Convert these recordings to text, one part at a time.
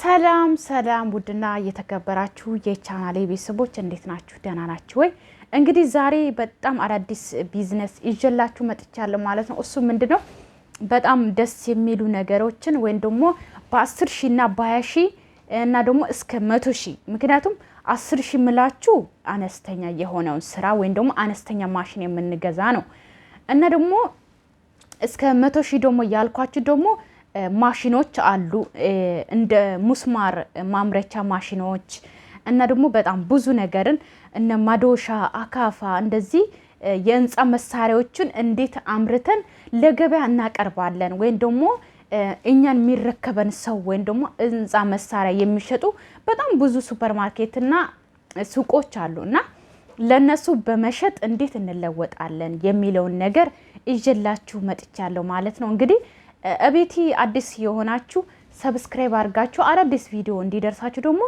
ሰላም ሰላም፣ ውድና እየተከበራችሁ የቻናሌ ቤተሰቦች እንዴት ናችሁ? ደህና ናችሁ ወይ? እንግዲህ ዛሬ በጣም አዳዲስ ቢዝነስ ይዤላችሁ መጥቻለሁ ማለት ነው። እሱ ምንድን ነው? በጣም ደስ የሚሉ ነገሮችን ወይም ደግሞ በአስር ሺህ እና በሀያ ሺህ እና ደግሞ እስከ መቶ ሺ ምክንያቱም አስር ሺህ ምላችሁ አነስተኛ የሆነውን ስራ ወይም ደግሞ አነስተኛ ማሽን የምንገዛ ነው እና ደግሞ እስከ መቶ ሺህ ደግሞ ያልኳችሁ ደግሞ ማሽኖች አሉ፣ እንደ ሙስማር ማምረቻ ማሽኖች እና ደግሞ በጣም ብዙ ነገርን እነ ማዶሻ፣ አካፋ እንደዚህ የህንፃ መሳሪያዎችን እንዴት አምርተን ለገበያ እናቀርባለን ወይም ደግሞ እኛን የሚረከበን ሰው ወይም ደግሞ ህንፃ መሳሪያ የሚሸጡ በጣም ብዙ ሱፐርማርኬትና ሱቆች አሉ እና ለእነሱ በመሸጥ እንዴት እንለወጣለን የሚለውን ነገር ይዤላችሁ መጥቻለሁ ማለት ነው እንግዲህ እቤቲ አዲስ የሆናችሁ ሰብስክራይብ አድርጋችሁ አዳዲስ ቪዲዮ እንዲደርሳችሁ ደግሞ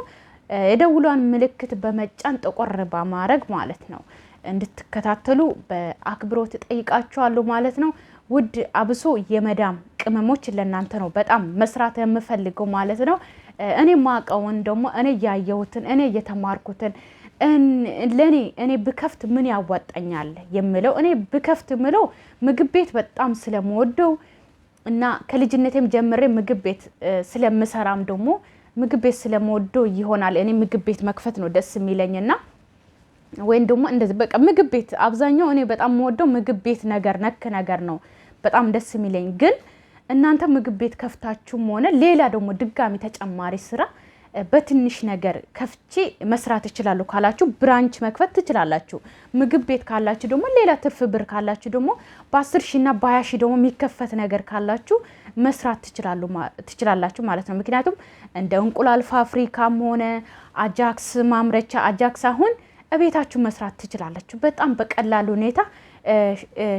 የደውሏን ምልክት በመጫን ጠቆር በማድረግ ማለት ነው እንድትከታተሉ በአክብሮት ጠይቃችኋለሁ ማለት ነው። ውድ አብሶ የመዳም ቅመሞች ለእናንተ ነው በጣም መስራት የምፈልገው ማለት ነው። እኔ ማቀውን ደግሞ እኔ ያየሁትን እኔ እየተማርኩትን ለእኔ እኔ ብከፍት ምን ያዋጣኛል የምለው እኔ ብከፍት ምለው ምግብ ቤት በጣም ስለምወደው እና ከልጅነቴም ጀምሬ ምግብ ቤት ስለምሰራም ደግሞ ምግብ ቤት ስለምወዶ ይሆናል እኔ ምግብ ቤት መክፈት ነው ደስ የሚለኝና ወይም ደግሞ እንደዚህ በቃ ምግብ ቤት አብዛኛው እኔ በጣም የምወደው ምግብ ቤት ነገር ነክ ነገር ነው በጣም ደስ የሚለኝ። ግን እናንተ ምግብ ቤት ከፍታችሁም ሆነ ሌላ ደግሞ ድጋሚ ተጨማሪ ስራ በትንሽ ነገር ከፍቼ መስራት እችላለሁ ካላችሁ ብራንች መክፈት ትችላላችሁ። ምግብ ቤት ካላችሁ ደግሞ ሌላ ትርፍ ብር ካላችሁ ደግሞ በአስር ሺ እና በሀያ ሺ ደግሞ የሚከፈት ነገር ካላችሁ መስራት ትችላላችሁ ማለት ነው። ምክንያቱም እንደ እንቁላል ፋብሪካም ሆነ አጃክስ ማምረቻ አጃክስ አሁን እቤታችሁ መስራት ትችላላችሁ በጣም በቀላል ሁኔታ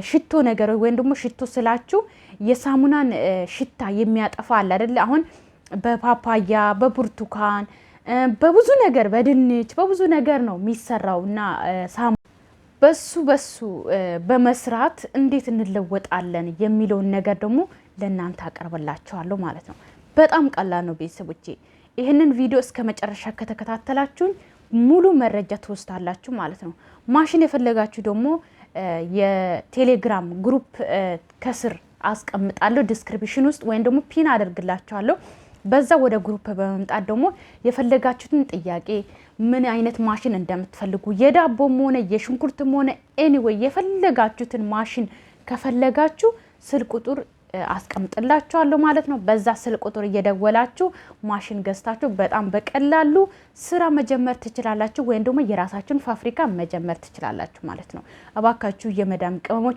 ሽቶ ነገር ወይም ደግሞ ሽቶ ስላችሁ የሳሙናን ሽታ የሚያጠፋ አለ አይደለ? አሁን በፓፓያ በብርቱካን በብዙ ነገር በድንች በብዙ ነገር ነው የሚሰራው እና በሱ በሱ በመስራት እንዴት እንለወጣለን የሚለውን ነገር ደግሞ ለእናንተ አቀርብላችኋለሁ ማለት ነው። በጣም ቀላል ነው ቤተሰቦቼ። ይህንን ቪዲዮ እስከ መጨረሻ ከተከታተላችሁኝ ሙሉ መረጃ ትወስዳላችሁ ማለት ነው። ማሽን የፈለጋችሁ ደግሞ የቴሌግራም ግሩፕ ከስር አስቀምጣለሁ ዲስክሪፕሽን ውስጥ ወይም ደግሞ ፒን አደርግላችኋለሁ። በዛ ወደ ግሩፕ በመምጣት ደግሞ የፈለጋችሁትን ጥያቄ ምን አይነት ማሽን እንደምትፈልጉ የዳቦም ሆነ የሽንኩርትም ሆነ ኤኒዌይ የፈለጋችሁትን ማሽን ከፈለጋችሁ ስልክ ቁጥር አስቀምጥላችኋለሁ ማለት ነው። በዛ ስልክ ቁጥር እየደወላችሁ ማሽን ገዝታችሁ በጣም በቀላሉ ስራ መጀመር ትችላላችሁ፣ ወይም ደግሞ የራሳችሁን ፋብሪካ መጀመር ትችላላችሁ ማለት ነው። እባካችሁ የመዳም ቅመሞች